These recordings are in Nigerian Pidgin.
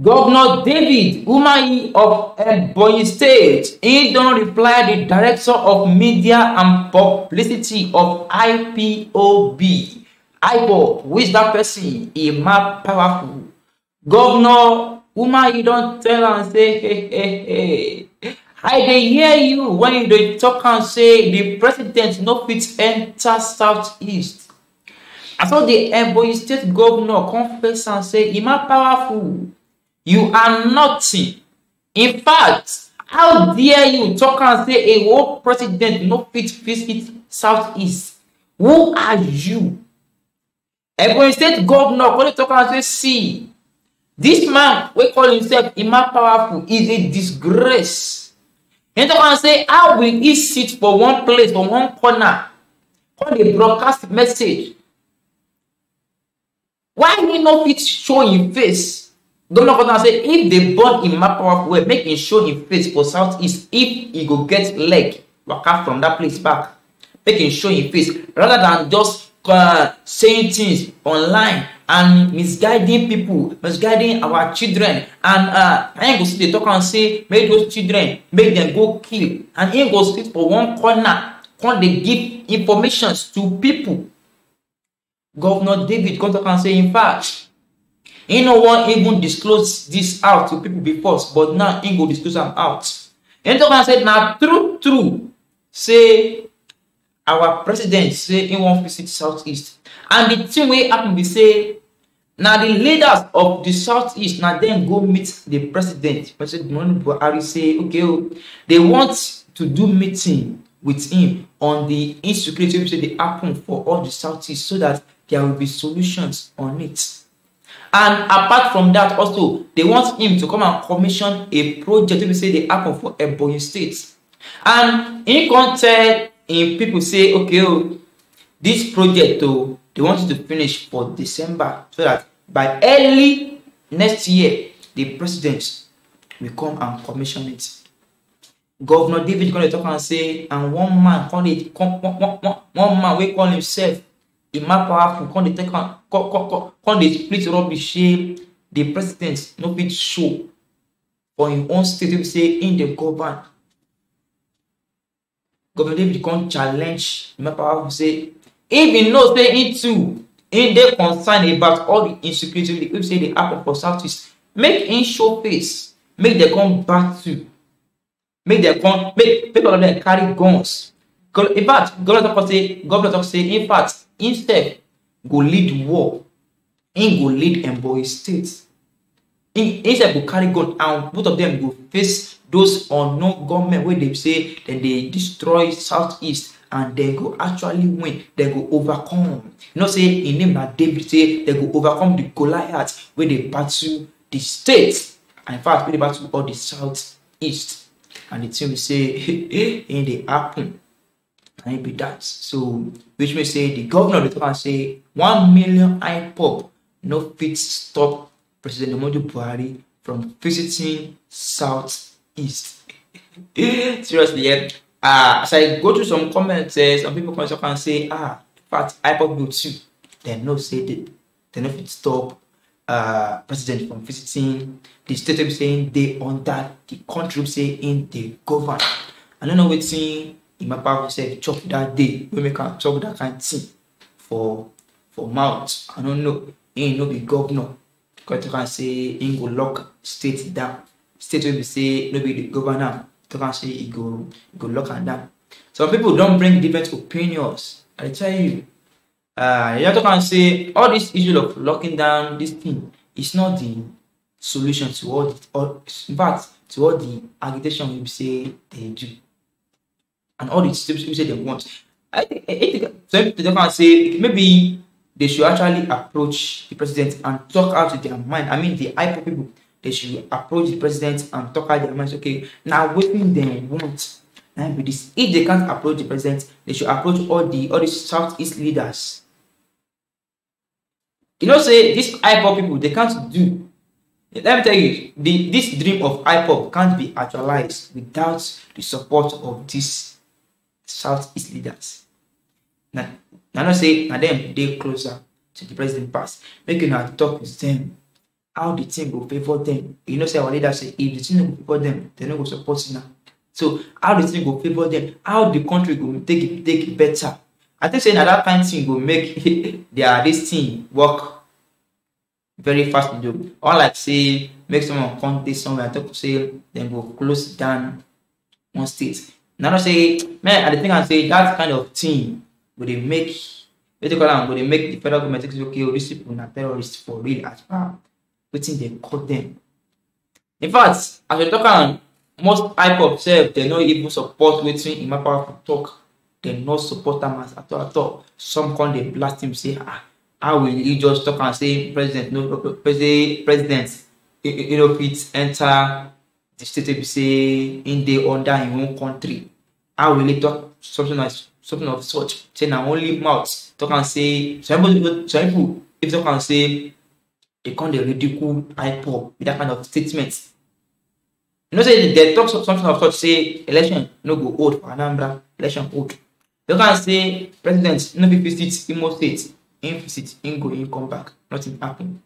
Governor David Umahi of Ebonyi State, he don reply the Director of Media and Publicity of IPOB, IPOB, which that person? is Emma Powerful. Governor Umahi don't tell and say, hey, hey, hey, I hear you when you talk and say the president no fit enter Southeast. I saw the Ebonyi State Governor confess and say, Emma Powerful you are nothing in fact how dare you talk and say a whole president no fit visit southeast who are you ebonyi state governor When you talk and say see this man we call himself emma powerful is a disgrace he talk am say how will he sit for one place for one corner come the broadcast message why he not fit show him face Donald I say if they born in map powerful well make him show his face for southeast if he go get leg walk out from that place back make him show his face rather than just uh, saying things online and misguiding people misguiding our children and uh, him go still dey talk am say make those children make them go kill and him go sit for one corner come they give informations to people governor david come talk am say in fact He no one even disclose this out to people before, but now he go disclose them out. And the man said, now true, true, say our president say he won't visit Southeast. And the thing we happen be say, now the leaders of the Southeast, now then go meet the president. President Muhammadu Buhari say, okay, oh, they want to do meeting with him on the insecurity which they happen for all the Southeast so that there will be solutions on it. and apart from that also they want him to come and commission a project wey be say dey happen for ebonyi state and he come tell him people say okay o oh, this project o oh, they want to finish for december so that by early next year the president will come and commission it governor david come dey talk am say and one man come dey come one one one man wey call himself the man powerful come dey take am come come come come dey split rubbish say the president no fit show for im own state wey be say im dey govern governor david come challenge the man powerful say if e know say im too im dey concerned about all the insecurity wey be say dey happen for south east make im show face make dem come back to make dem come make people all of dem carry guns in fact, God talk say, God talk say, in fact, instead, go lead war. Him go lead envoy states. Him instead go carry gun and both of them go face those unknown government wey dey say dem dey destroy southeast and dem go actually win dem go overcome you know say im name na david say dem go overcome the goliath wey dey battle the state and in fact wey dey battle all the southeast and the thing be say e dey happen be that So, which may say the governor of the town say 1 million IPOP no fit stop President Muhammadu Buhari from visiting Southeast. Seriously, yeah. Uh, as I go through some comments, uh, some people come up and say, ah, in fact, IPOP will too. They no say they, they no fit stop uh, president from visiting the state saying they under the country in the government. I don't know what's saying. my Bible said, chop that day. We make can chop that kind of thing for for mouth. I don't know. He ain't no be governor. Because you can say he go lock state down. State will be say no be the governor. You can say he go he go lock and down. Some people don't bring different opinions. I tell you. Uh you can say all this issue of locking down this thing is not the solution to all the all, in fact to all the agitation we say they do. and all the steps you say they want. I think, eh, eh, some people say maybe they should actually approach the president and talk out their mind. I mean, the IPO people, they should approach the president and talk out their minds. Okay, now what do they want. Now be this. If they can't approach the president, they should approach all the all the southeast leaders. You know, say these IPOP people, they can't do. Let me tell you, the, this dream of IPOP can't be actualized without the support of these Southeast leaders. Now, now not say now them they closer to the president pass. Make you now talk with them. How the team will favor them. You know, say our leader say if the team will pay them, they no go support now. So how the thing go favor them, how the country go take it take it better. I think say na that kind thing go make their this thing work very fast in Europe. all like say make someone come take somewhere talk say Then go close down one state na not say man i dey think am say that kind of thing go dey make wetin call am go dey make the federal government think say okay oh these people na terrorists for real as far wetin dem call them. in fact as we talk am most ipob sef dem no even support wetin imapa talk dem no support am as at all at all some come dey blast him say ah how will you just talk am say president no president president you no fit enter c'était in the under in one country how will talk something like something of such say now only mouth talk and say some people some people if talk and say they come ridicule ridicule pop with that kind of statement you know say they talk something of such say election no go hold for Anambra election hold they can say president no fit visit Imo state im in go in come back nothing happened.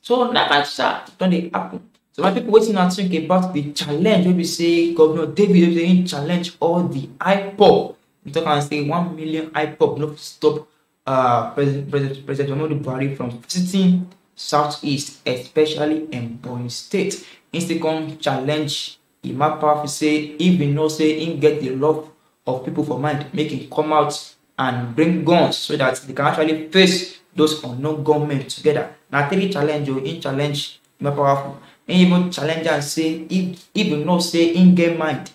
so that can of thing dey happen So my people waiting and think about the challenge wey be say Governor David Oyedeyin challenge all the IPOB. We talk and say one million IPOB no stop uh, President President President Muhammadu Buhari from visiting southeast especially in Borno State. Instagram challenge My Imapa say if you know say him get the love of people for mind make him come out and bring guns so that they can actually face those unknown gunmen together. Na three challenge o oh, in challenge my powerful and even challenge and say if if you know say in game mind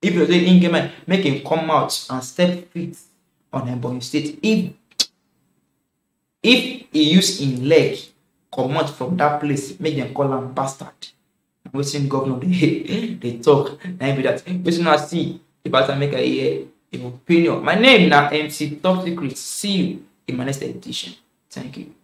if you say in game mind make him come out and step feet on ebonyi state if if he use im leg comot from that place make dem call am bastard na wetin governor dey dey talk na im be dat wetin una see the pattern make i hear im opinion my name na mc top secret see you in my next edition thank you.